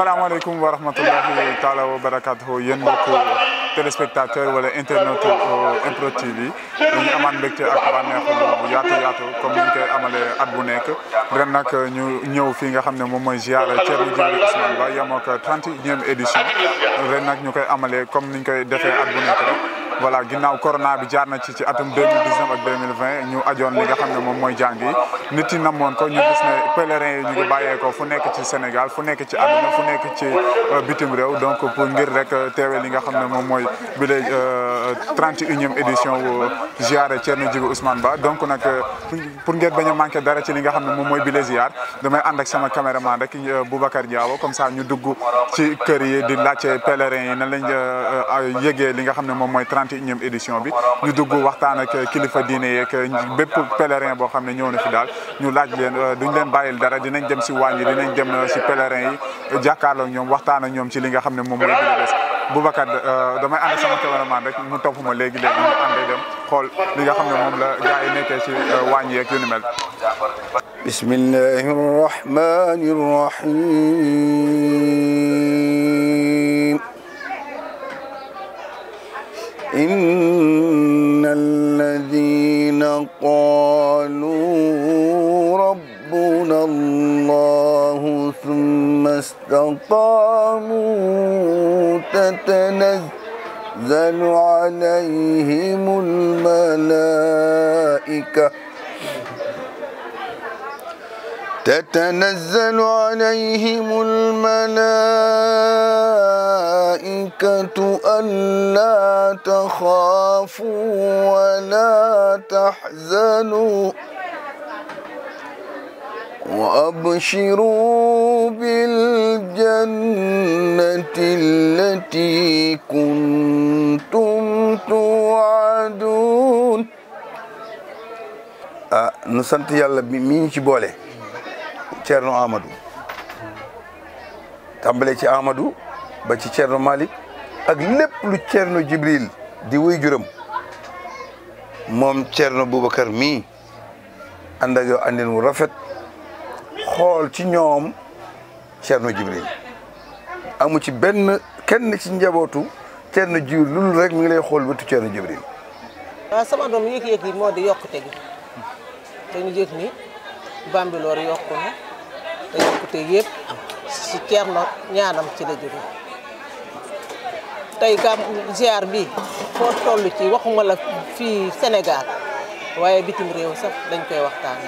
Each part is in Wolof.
salaamaaleykum wa rahmatullahi taala wa barakaatuhu yéen mbokku téléspectateur wala internaute MPROD TV dañu amaat mbégte ak bànneex bu yaatu yaatu comme ni ñu koy amalee at bu nekk ren nag ñu ñëw fii nga xam ne moom mooy ziara Thierno Djibril Ousmane Ba yemoo ko 31e édition ren nag ñu koy amalee comme ni ñu koy defee at bu nekk rek. voilà ginnaaw corona bi jaar na ci ci atum 2019 ak 2020 ñu ajoon li nga xam ne moom mooy jàng yi nit yi namoon ko ñu gis ne yi ñu ngi bàyyeekoo fu nekk ci Sénégal fu nekk ci àdduna fu nekk ci euh, bitim réew donc pour ngir rek euh, teewee li nga xam ne moom mooy bi lay 31e euh, édition wu ziare Thierno Djibi Ousmane Ba donc nag pour ngeen bañ a manqué dara ci li nga xam ne moom mooy bi lay ziar damay ànd ak sama caméraman rek Boubacar Diawo comme ça ñu dugg ci kër yi di laajte pèlerin yi nan lañ yëgee li nga xam ne moom mooy 30 31 bi ñu dugg waxtaan ak kilifa diine yeeg bépp boo xam ne ñëw na fi daal ñu laaj leen euh, duñ leen bàyyil dara dinañ dem si wàññi dinañ dem euh, si pèlerin yi jàkkaarloo ñoom waxtaan ñoom ci li nga xam ne moom mooy bi la des Boubacar euh, damay ànd sama cameraman rek mu topp ma léegi léegi ñu àndee dem xool li nga xam ne moom la gars yi nekkee si wàññi yeeg yu ni mel بسم الله الرحمن إن الذين قالوا ربنا الله ثم استقاموا تتنزل عليهم الملائكة تتنزل عليهم الملائكة ألا تخافوا ولا تحزنوا وأبشروا بالجنة التي كنتم توعدون. ah nu يلا yàlla bi Thierno Amadou tàmbale ci Amadou ba ci Thierno Malick ak lépp lu Thierno Jibril di wuy juram moom Thierno Boubacar mii ànd ak yow àndin wu rafet xool ci ñoom Thierno Jibril amu ci benn kenn ci njabootu Thierno Jibril loolu rek mi ngi lay xool bëtu Thierno Jibril. waaw ah, sama doom yéeg-yéeg yi moo di ni wuute yëpp ci na ñaanam ci la jóge tey gam ziar bi foo toll ci waxuma la fii Sénégal waaye bitim réew sax dañ koy waxtaan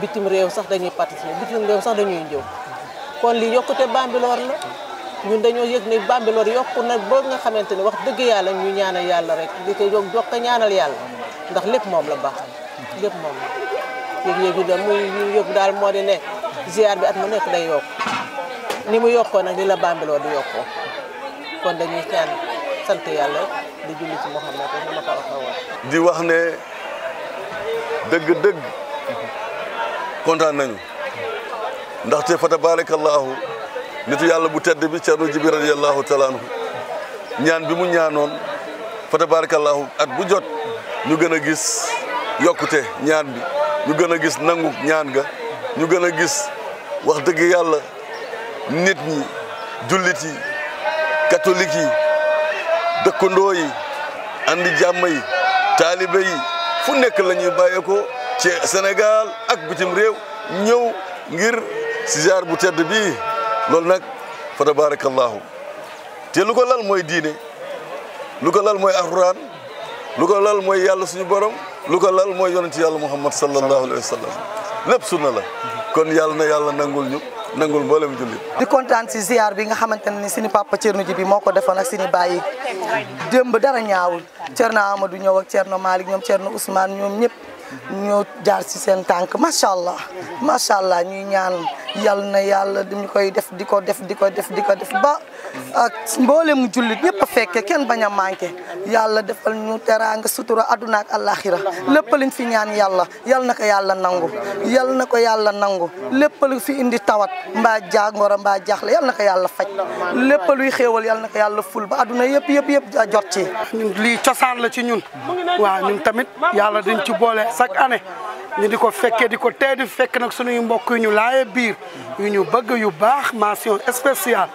bitim réew sax dañuy participer bitim réew dañuy ñëw kon li yokkute Bambilor la ñun dañoo yëg ne Bambilor yokku na ba nga xamante ne wax dëgg yàlla ñu ñaanal yàlla rek di ko jóg jokk ñaanal yàlla ndax lépp moom la baax lépp moom la muy yëg daal moo di ne ziar bi at mu nekk day yokk ni mu yokkoo nag li la bambiloo du yokkoo kon dañuy ñaan sant yàlla di julli ci Muhammad na ma ko waxee woon di wax ne dëgg-dëgg kontaan nañu ndaxte fa tabarakallahu nitu yàlla bu tedd bi Cerno Jibi radiyallahu taala anhu ñaan bi mu ñaanoon fa tabarakallahu at bu jot ñu gën a gis yokkute ñaan bi ñu gën a gis nangu ñaan ga ñu gën a gis wax dëgg yàlla nit ñi jullit yi catholique yi dëkkandoo yi andi jàmm yi taalibe yi fu nekk la ñuy bàyyeekoo ci Sénégal ak bitim réew ñëw ngir sijaar bu tedd bii loolu nag fa tabarakallahu te lu ko lal mooy diine lu ko lal mooy alxuraan lu ko lal mooy yàlla suñu borom lu ko lal mooy yonent yàlla muhammad sallallahu alayhi wa sallam lépp sunna la kon yàlla na yàlla nangul ñu nangul mboolem jullit di kontaan si ziar bi nga xamante ne ni suñu papa Thierno ji bi moo ko defoon ak suñu bàyyi démb dara ñaawul Thierno Amadou ñëw ak Thierno Malick ñoom na Ousmane ñoom ñëpp ñoo jaar si seen tànk macha allah macha allah ñuy ñaan yal na yàlla dañu koy def di ko def di ko def di ko def ba mboole mu jullit ñëpp a fekke kenn bañ a manqué yàlla defal ñu teraanga sutura àdduna alaaxira àllaaxira lépp liñ fi ñaan yàlla yal na ko yàlla nangu yal na ko yàlla nangu lépp lu fi indi tawat mba jàngoro mbaa jaaxle yal na ko yàlla faj lépp luy xéewal yal na ko yàlla ful ba àdduna yëpp yëpp yëpp jot ci lii cosaan la ci ñun waaw ñun tamit yàlla dañ ci boole chaque année ñu diko fekke diko di ko tee di fekk nag suñuy mbokk yu ñu laye biir yu ñu bëgg yu baax mention spéciale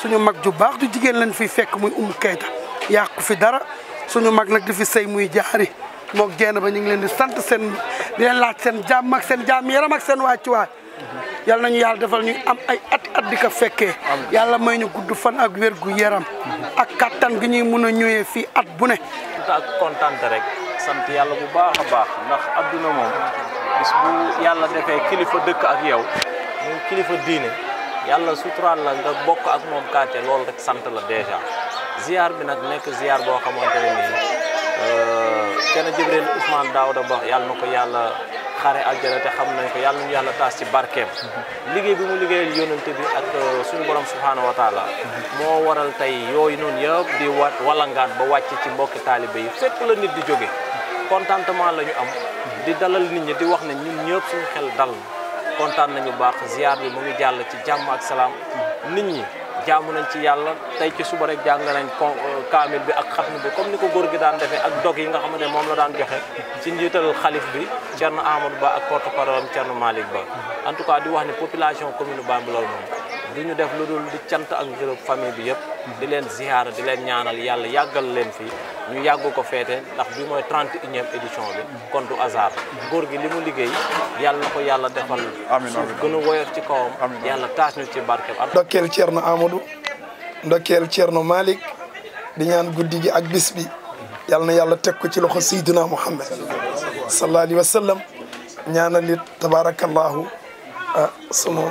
suñu mag ju baax du jigen lañ fi fekk muy um kayta yàqu fi dara suñu mag nak difi sey muy jaari mok jeena ba ñu ngi leen di sante sen di leen laacc sen jamm ak sen jamm yaram ak sen waccu wàccuwaay yalla nañu yalla defal ñu am ay at at di ko fekkee yàlla may ñu gudd fan ak wergu yaram ak katan gi ñuy mëna a fi at bu ne ak kontaan rek sant yàlla bu baakha baax ndax aduna mom bis bu yàlla defé kilifa dëkk ak yow mu kilifa diine yàlla sutural la nga bok ak mom kanté loolu rek sant la dèjà ziar bi nak nek ziar bo xamante ne nii kenn Jibril Ousmane Daouda bax yàlla nako yàlla. xaare aljana te xam nañ ko yàlla nañu yàlla taas ci barkeem liggéey bi mu liggéeyal yonante bi ak uh, suñu borom subhaanahu wa taala moo waral tey yooyu noonu yëpp di wa wallangaat ba wàcc ci mbokki taalibe yi fépp la nit di jóge contentement la ñu am di dalal nit ñi di wax ne ñun ñëpp suñu xel dal kontaan nañu baax ziar bi mu ngi jàll ci jàmm ak salaam nit ñi jaamu nañ ci yàlla tey ci suba rek jàng nañ euh, kaamil bi ak xatmu bi comme ni ko góor gi daan defee ak dog yi nga xamante ne moom la daan joxe ci njiital xalif bi Thierno Amadou Ba ak porte-parole am Thierno Ba en tout cas di wax ne population commune Bambilor moom du ñu def lu dul di cant ak ngërëm famille bi yëpp di leen ziyaara di leen ñaanal yàlla yàggal leen fii ñu yàgg ko feete ndax bi mooy trente et édition bi kon du hasard góor gi li mu liggéey yàlla na ko yàlla defal suuf gën a woyof ci kawam yàlla taas ñu ci barke ndokkeel Thierno Amadou ndokkeel no Malick di ñaan guddi gi ak bis bi yàlla na yàlla teg ko ci loxo Seydina Muhammad sallallahu alayhi wa sallam ñaanal it tabarakallahu ah, sunu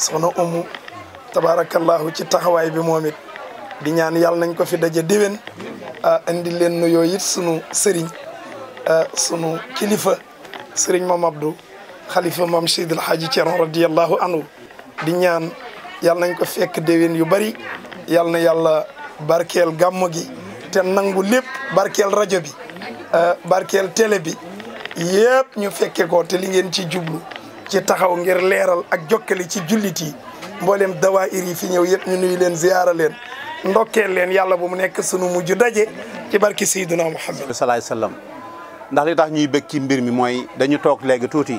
soxna umu tabaarakallaahu ci taxawaay bi moom it di ñaan yàlla nañ ko fi daje déwén ah, indi leen nuyoo it sunu sëriñ ah, sunu kilifa sëriñ moom Abdou xalifa moom Seydil Hadji Thierno radiyallahu anu di ñaan yàlla nañ ko fekk déwén yu bari yàlla na yàlla barkeel gàmm gi te nangu lépp barkeel rajo bi ah, barkeel tele bi yëpp ñu fekke ko te li ngeen ci jublu ci taxaw ngir leeral ak jokkali ci jullit yi mboolem dawaayir yi fi ñëw yëpp ñu nuyu leen ziyaara leen ndokkeel leen yàlla bu mu nekk sunu mujj daje ci barki Seydina Muhammad salaay salaam ndax li tax ñuy bëgg ki mbir mi mooy dañu toog léegi tuuti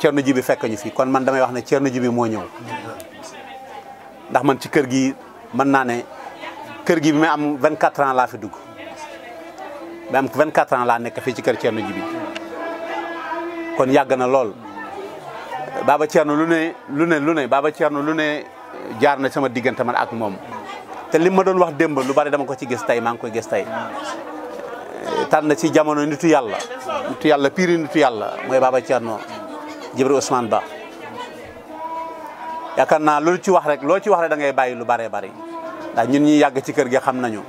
Cerno Jibi fekk ñu fi kon man damay wax ne Cerno Jibi moo ñëw ndax man ci kër gi mën naa ne kër gi bi am vingt 24 ans laa fi dugg ba am 24 ans laa nekk fii ci kër ceer Cerno Jibi kon yàgg na lool baaba Thierno lu ne lu ne lu ne Baba lu ne jaar na sama diggante ma ak moom te lim ma doon wax démb lu bari dama ko ci gis tey maa ngi koy gis tey tànn ci jamono nitu yàlla nitu yàlla piiri nitu yàlla mooy Baba Thierno Jibril Ousmane Ba yaakaar naa loolu ci wax rek loo ci wax rek da ngay bàyyi lu baree bari ndax ñun ñi yàgg ci kër gi xam nañu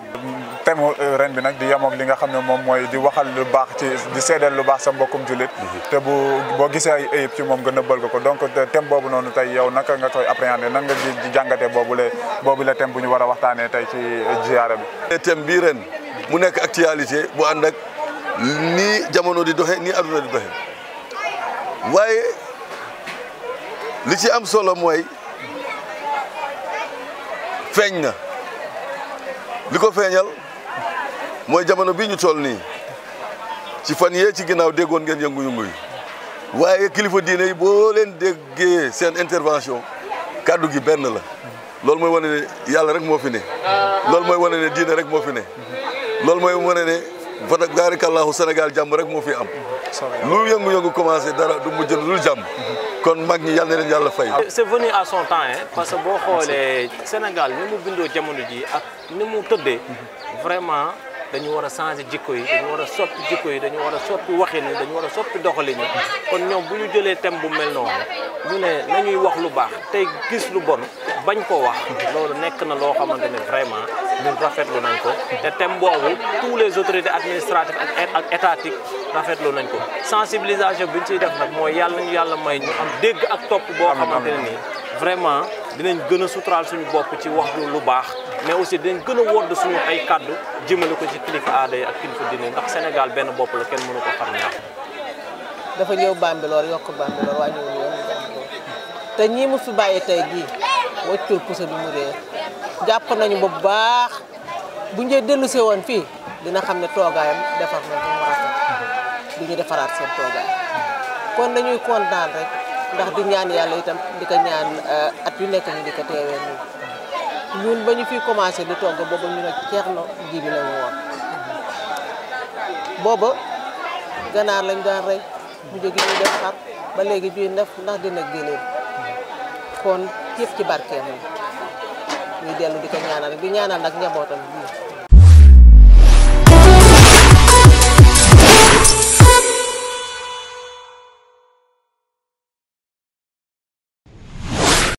thème euh, ren bi nag di yemoog li nga xam ne moom mooy di waxal lu baax ci di seedeel lu baax sa mbokkum jullit mhm. te bu boo gisee ay ayib ci moom nga nëbbal ga ko donc thème boobu noonu tey yow naka nga koy appréhender nan nga di jàngatee boobu la boobu la thème bu ñu war a waxtaanee tey ci ziyaara bi thème bii ren mu nekk actualité bu ànd ak nii jamono di doxe nii aduna di doxe waaye li ci am solo mooy feeñ na li ko feeñal moy jamono bi ñu toll ni ci fan ye ci ginnaaw déggoon ngeen yëngu-yëngu yi waaye kilifa diine yi boo leen déggee seen intervention kaddu gi benn la loolu mooy wane ne yàlla rek moo fi ne loolu mooy wane ne diine rek moo fi ne loolu mooy wane ne fata baarikallaahu Sénégal jàmm rek moo fi am lu yëngu-yëngu commencé dara du mujj lu dul jàmm kon mag ñi yàlla na leen yàlla fay c'est venu à son temps hein parce que boo xoolee Sénégal ni mu bindoo jamono ji ak ni mu tëddee vraiment dañu war a changer jikko yi dañu war a soppi jikko yi dañu war a soppi waxin yi dañu war a soppi doxalin yi kon ñoom bu ñu jëlee thème bu mel noonu ñu ne nañuy wax lu baax tey gis lu bon bañ ko wax loolu nekk na loo xamante ne vraiment ñun rafetlu nañ ko te thème boobu tous les autorités administratives ak ak étatiques rafetlu nañ ko sensibilisation bi ñu ciy def nag mooy yàlla nañu yàlla may ñu am dégg ak topp boo xam ne nii vraiment dinañ gën a suturaal suñu bopp ci wax lu baax mais aussi dañ gën a wodd suñu ay kàddu jëmale ko ci kilifa aada yi ak kilifa diine ndax Sénégal benn bopp la kenn mënu ko xam ñaar. dafa ñëw Bambilor yokk Bambilor wàññiwul yoon te ñii mu fi bàyyi tey jii wàccul puso bi mu réer jàpp nañu ba bu baax bu ñu dellusee woon fii dina xam ne toogaayam defar na ba defaraat seen toogaay kon dañuy kontaan rek ndax di ñaan yàlla itam di ko ñaan euh, at yu nekk ñu di ko teewee nii. ñun ba ñu fi commencé di togg booba ñu ne Ceerno gii la ñu woon booba ganaar lañ daan rey mu jóge ñu def xar ba léegi juy def ndax dina géléem kon yëpp ci barkeem ñuy dellu di ko ñaanal di ñaanal nag njabootam